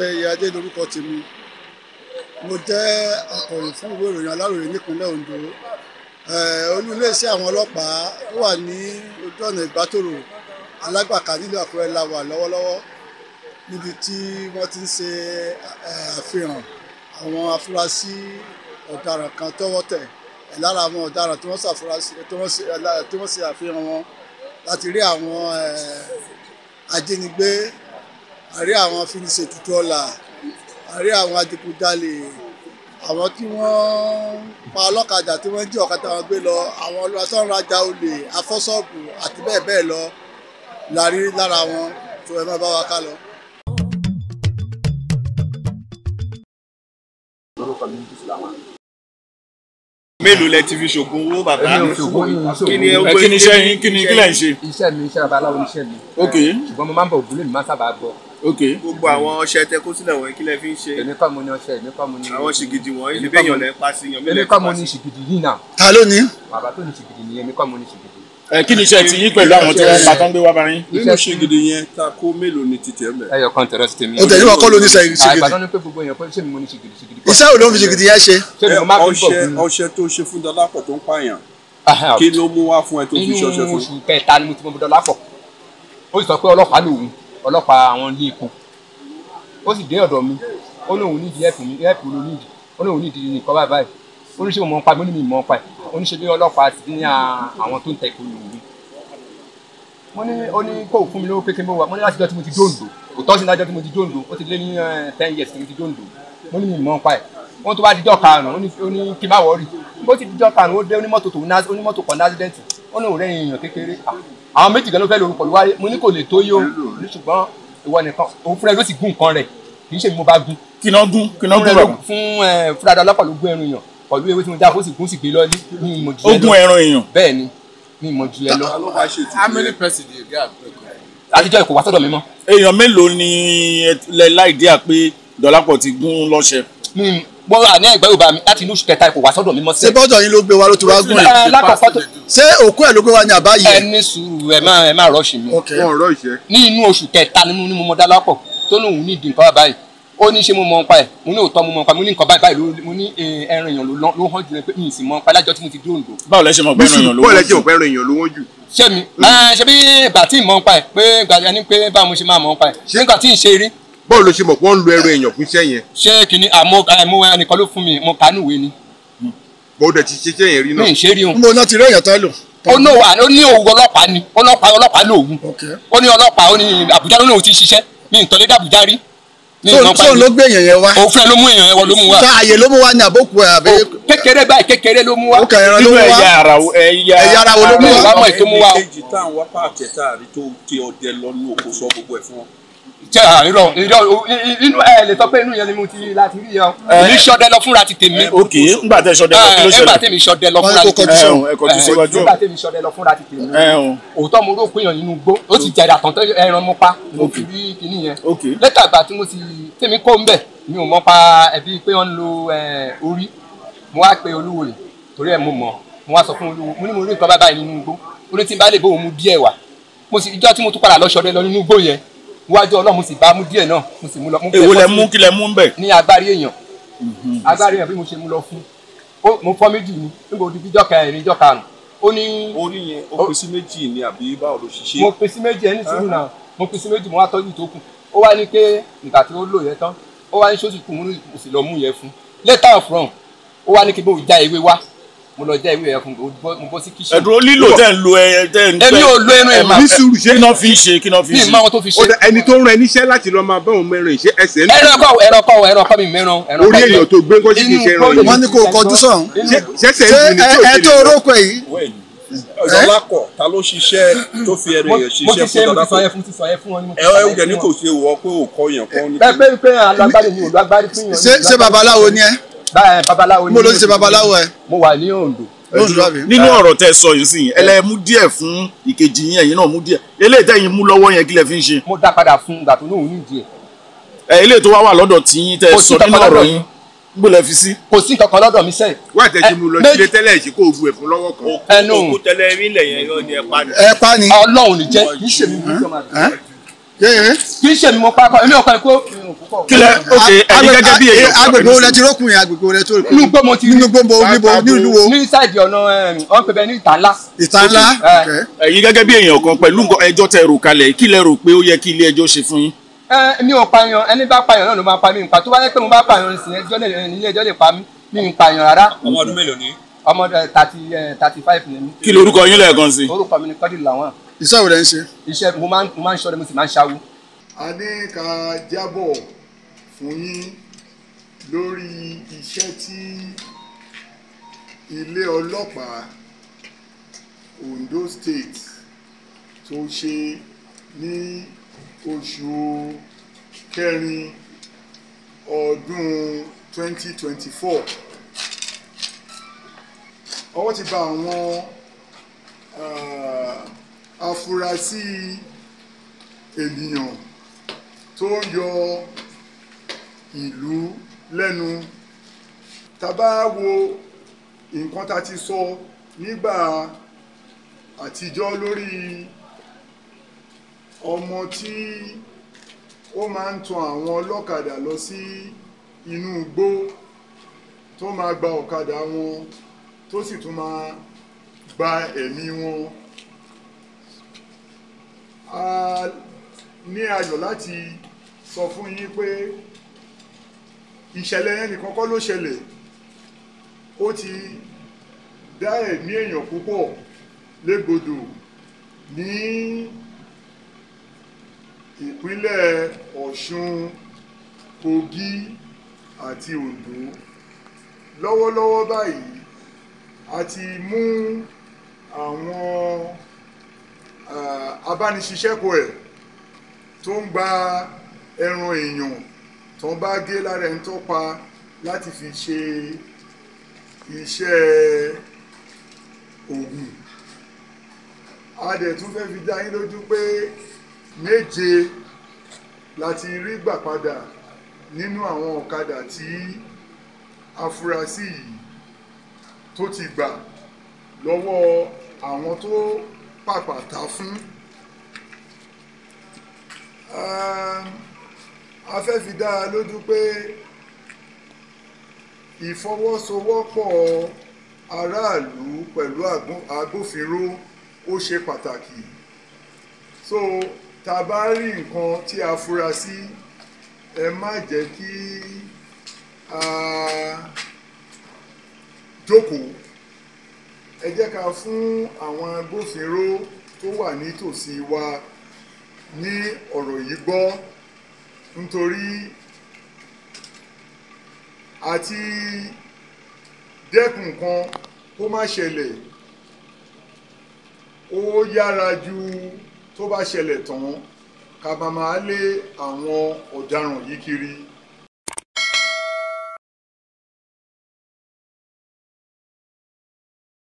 Ẹyẹ Adé lorúkọ tèmi. Mo jẹ́ akọ̀ròyìn fún ìwé ìròyìn Aláròyé nípínlẹ̀ Ondo. Olú iléeṣẹ́ àwọn ọlọ́pàá tó wà ní ojú ọ̀nà Ìgbàtòrò Alágbàká nílùú Àkúrẹ́ la wà lọ́wọ́lọ́wọ́ níbi tí wọ́n ti ń ṣe àfihàn àwọn afurasí ọ̀daràn kan tọ́wọ́ tẹ̀ lára àwọn ọ̀daràn tí wọ́n ṣàfurasí tí wọ́n ṣe àfihàn wọn láti rí àwọn ajínigbé àrí àwọn afiniṣètùtù ọ̀la àrí àwọn adigunjalè àwọn tí wọ́n pa ọlọ́kadà tí wọ́n jí ọ̀kadà wọn gbé lọ àwọn ọlọ́sọ̀nrajà olè afọ́sọ́ọ̀bù àti bẹ́ẹ̀ bẹ́ẹ̀ lọ la rí lára wọn tó ẹ má bá wa ká lọ. mélòó lẹ ti fi ṣògùn owó bàbá kí ni ẹ kí ni iṣẹ́ yín kí ni kí lẹ ń ṣe. iṣẹ́ mi iṣẹ́ babaláwo iṣẹ́ mi. ok ṣùgbọ́n mo máa ń bọ̀ ògúnlé mi máa sábà gbọ́. Ok. gbogbo àwọn ọṣẹ tẹ kó sílẹ̀ wọ̀nyí kí lẹ fi ń ṣe. èmi kọ́ mo ní ọṣẹ èmi kọ́ mo ní. àwọn ṣìgìdì wọ̀nyí lè bẹ́yàn lẹ́ pa sí yan. èmi kọ́ mo ní ṣìgìdì yìí náà. ta ló ní. bàbá tó ní ṣìgìdì nìyẹn èmi kọ́ mo ní ṣìgìdì. ẹ kí ni iṣẹ́ ti yín pẹ̀lú àwọn tí wọ́n bá tán gbé wá bá yín. nínú ṣìgìdì yẹn ta kó mélòó ni títẹ̀ mẹ́. ẹyọ kan tẹ̀rọ ti tẹ̀mí. o tẹ̀lé wa kọ́ ló ní ṣìgìdì. àgbàdo ní pé gbogbo ọlọ́pàá àwọn ilé epo ó sì dé ọ̀dọ̀ mi ó lóun nídìí ẹ̀pù mi ẹ̀pù ló nídìí ó lóun nídìí nìkan báyìí báyìí ó ní ṣe mọ̀ ń pa mí ó ní mi mọ̀ ń pa ẹ̀ ó ní ṣe bí ọlọ́pàá ti ní àwọn tó ń tẹ ìpolówó mi mo ní ó ní kó fún mi lówó pé kí n bó wa mo ní láti jọ tí mo ti dóńdó òtọ́ sí lájọ́ tí mo ti dóńdó ó ti lé ní ten years tí mo ti dóńdó mo ní mi mọ̀ ń pa ẹ̀ wọ́n tó bá dijọ́ karùn-ún ó ní kí n má wọ́ọ̀rì bó ti dijọ́ karùn-ún ó dé onímọ́tò kan ní ó ní òrẹ́ èèyàn kékeré ah, àwọn méjì gan ló fẹ́ lórúkọ ló wáyé mo ní kò lè tó yó ṣùgbọ́n ìwọ nìkan òun fúnra ló sì gún nǹkan rẹ̀ kì í ṣe mo bá gún. kìnà gún kìnà gún rẹ̀ fún fúnra ọlọ́pàá ló gún ẹran èèyàn pẹ̀lú ewé tí mo dá ó sì gún sì gbé lọ́lé ní ìmọ̀ jù ẹ lọ. èèyàn. bẹ́ẹ̀ ni ní ìmọ̀ jù how many persons àtijọ́ ìkó wá sọ́dọ̀ mi mọ́. èèyàn mélòó ni ẹ láì dí à pé Dọ̀lápọ̀ ti gún lọ́ṣẹ gbọ́ àní ẹ̀gbẹ́ yorùbá mi láti ìlú kẹta ipò wá sọ́dọ̀ mímọ́ sí. ṣé bọ́dọ̀ yín ló gbé wa ló ti wá gùn rẹ̀. lákọ̀ọ́kọ́ tó. ṣé òkú ẹ̀ ló gbé wa ní àbáyé. ẹ ní sùúrù ẹ má ẹ má rọ́ọ̀ṣì mi. wọn rọ́ọ̀ṣì ẹ. ní inú oṣù kẹta ni mo ní mo mọ dálápọ̀ tó lóun ní ìdí nǹkan báyìí ó ní ṣe mo mọ npa ẹ mo ní òótọ́ mo mọ npa mo ní nǹkan báyìí mo ní ẹran èèyàn ló hàn jù pé mi sì mọ npa lájọ tí mo ti dúró nìdó. báwo lẹ ṣe mọ̀ pé èèyàn ló wọ́n jù. báwo lẹ ṣe mọ̀ èèyàn ló wọ́n jù ṣé mi ah, ṣe bí ìgbà tí ìmọ̀ ń pa ẹ̀ pé ìgbà mo ṣe máa mọ̀ ń pa ẹ̀ nígbà tí ń ṣe rí báwo ló ṣe mọ̀ pé wọ́n ń lo ẹrù èèyàn fún iṣẹ́ yẹn. ṣé kìíní àmọ́ àìmọ́ ẹnìkan ló fún mi mo kà á nùwé ni. bó dẹ̀ ti ṣiṣẹ́ yẹn rí náà. mi ì ṣe rí òun. mo náà ti rí èèyàn tá lò. ó ní òwò ó ní òwò ọlọ́pàá ni ọlọ́pàá ọlọ́pàá lòun. ó ní ọlọ́pàá ó ní àbújá ló ní òun ti ṣiṣẹ́ mi ì tọ́lé dàbújá rí. tó ló gbé èèyàn yẹn wá. òun fúnra ló mú èèyàn yẹn ló mú wá. ta àyè ló mú wá ní àbókù ẹ̀ àbẹ́. kékeré báyìí kékeré ló mú wá. ó kàn ẹran ló mú wá. ẹ̀yà ara wo ló jẹ irọ irọ inú ẹ lè sọ pé inú yẹn ni mo ti láti rí yẹn mi sọdẹ lọ fúnra ti tèmi. ok ngbà tẹ sọdẹ lọ kí ló ṣẹlẹ̀ ngbà tèmi sọdẹ lọ fúnra ti tèmi ngbà tèmi sọdẹ lọ fúnra ti tèmi òótọ́ mo rò pé yàn nínú igbó ó ti jẹ̀dà tán ẹran mo pa mo fi rí kinní yẹn lẹ́tà àgbà tí mo ti tèmi kó ń bẹ̀ mi ò mọ̀ pa ẹ̀bí pé wọ́n ń lo orí mo wá pe olúwo torí ẹ̀ mo mọ̀ mo wá sọ fún olúwo mo ní mo rí nǹkan báyìí nínú igbó ó ní wájú ọlọ́run mo sì bá mú díẹ̀ náà mo sì mú lọ. èwo lẹ mú kí lẹ mú bẹ. ní agbárí èèyàn mhm. agbárí èèyàn bí mo ṣe mú lọ fún mo fọ́ méjì ni nígbà òdi bíjọ́ kẹrin ìjọ́ karùn-ún ó ní. ó ní yẹn ó pèsè méjì ni àbí báwo ló ṣiṣẹ́. mo pèsè méjì ẹni sùúrù náà mo pèsè méjì mo wá tọ́jú tó kù ó wá ní pé nígbà tí ó lò yẹn tán ó wá ní sọ́sì kù mo sì lọ mú yẹn fún later from ó wá ní kí bó ja ewé wá mo lọ já ìwé yẹn fún mi mo bọ́ sí kíṣìn. ẹ̀dùn lílo tẹ̀ ń lo ẹ tẹ̀ ń. èmi ò lo ẹnu ẹ̀ máa fẹ́ kí náà fi ṣe kí náà fi ṣe. mi máa wọn tó fi ṣe. ẹni tó ń rán ẹníṣẹ́ láti lọ máa bá òun mẹ́rin ṣe ẹsẹ̀ ní. ẹranko ẹranko ẹranko mi mẹ́ran. orí èèyàn tó gbé kọ́sí kì í ṣe ẹran yìí. wọ́n ní kò kọjú sàn. ṣẹ́sẹ̀ ń bì ní tí ò ṣe. ẹ tó rókò yìí ọ̀dọ́lákọ̀ ta ló ṣiṣẹ́ tó fi ẹrù èèyàn ṣiṣẹ́ fún ọ̀dọ́lákọ̀ ẹ ẹ wùdẹ ní kò ṣe wọ pé òkọ èèyàn kan ní. pẹpẹ pé alágbárí mi ò lágbárí fún yàn. ṣé babaláwo ni ẹ. Eh, babaláwo ni mo lọ sí babaláwo ẹ. Eh. mo wà ní Ondo. nínú ọ̀rọ̀ tẹ́ sọ yìí sìn ẹlẹ́ mú díẹ̀ fún ìkejì yín ẹ̀yin náà mú díẹ̀ eléyìí tẹ́yìn mú lọ́wọ́ yẹn kí lẹ fi ń ṣe. mo dá padà fún ìgbà tó lóun nídìí ẹ. ẹ eléyìí tó wá wà lọ́dọ̀ tí yín tẹ́ sọ nínú ọ̀rọ̀ yín gbọ́ lẹ fi sí. kò sí kankan lọ́dọ̀ mi sẹ́yìn. wà á tẹ̀sí mu lọ eh, sílé tẹ́lẹ̀ sí kó o bu ẹ̀fún lọ́wọ́ kan. ẹnu òkú tẹ́lẹ̀ rí lẹ̀ yẹn ni ẹ ni. ẹ ni. Ọlọ́run ní jẹ́ ṣèmi mo pa èmi ò kọ ikú kílẹ̀ ok ẹni gẹ́gẹ́ bí èyí. agbègbè olè ti rókun yẹn agbègbè olè tó rẹkùn. nígbò mo ti rí nígbò mo níbo nílùú wo. ní sáìdì ọ̀nà ọ̀n pẹ̀lú ní ìta ńlá. ìta ńlá ok. Eh. ẹ̀yin gẹ́gẹ́ bí èèyàn kan pẹ̀lú ẹjọ́ tẹ rò kalẹ̀ kí lẹ rò pé ó yẹ kí ilé ẹjọ́ ṣe fún yín. Eh, mi ò pààyàn ẹni bá pààyàn náà ló máa pa mí nípa tó bá yẹ pé mo bá pààyàn sí ilé ẹjọ́ lè pa mí mi pààyàn rárá. ọmọ ọdún mélòó ni ọmọ eh, thirty five ni kí lorúkọ yín lẹ́ẹ̀kan sí. orúkọ mi ni kọ́dí làwọn. iṣẹ́ wo lẹ ń ṣe. iṣẹ́ mo máa ń ṣọ́ọ́rẹ́ mo sì máa ń ṣáwó a ní ká jábọ̀ fún yín lórí iṣẹ́ tí ilé ọlọ́pàá Ondo State tó ṣe ní oṣù kẹrin ọdún 2024 ọwọ́ ti bà àwọn afurasí ènìyàn. Uh, tó yọ ìlú lẹ́nu tá a bá wo nǹkan tá a ti sọ nígbà àtijọ́ lórí ọmọ tí ó máa ń tan àwọn ọlọ́kadà lọ sí inú igbó tó máa gba ọ̀kadà wọn tó sì tún máa gba ẹ̀mí wọn ní ayọ̀ láti sọ fún yín pé ìṣẹ̀lẹ̀ yẹn nìkan kọ́ ló ṣẹlẹ̀ ó ti dá ẹ̀mí èèyàn púpọ̀ légbodò ní ìpínlẹ̀ Ọ̀ṣun Kogi àti Ondo lọ́wọ́lọ́wọ́ báyìí a ti mú àwọn eh, abániṣiṣẹ́pọ̀ ẹ̀ tó ń gba ẹran èèyàn tó ń bá gé lára ẹni tó pa láti fi ṣe iṣẹ́ oògùn a dẹ̀ tún fẹ́ fi dá yín lójú pé méje láti rí gbà padà nínú àwọn ọ̀kadà tí afurasí yìí tó ti gbà lọ́wọ́ àwọn tó pàpà ta fún a fẹ́ fi dá a lójú pé ìfọwọ́sowọ́pọ̀ aráàlú pẹ̀lú agbófinró ó ṣe pàtàkì so tá a bá rí nǹkan tí a fura sí ẹ má jẹ́ kí a jókòó ẹ jẹ́ ká fún àwọn agbófinró tó wà nítòsí wa ní ọ̀rọ̀ yìí gbọ́ nítorí àti dẹ́kun kan kó má ṣẹlẹ̀ ó yára ju tó bá ṣẹlẹ̀ tán ká lé àwọn ọ̀daràn yìí kiri.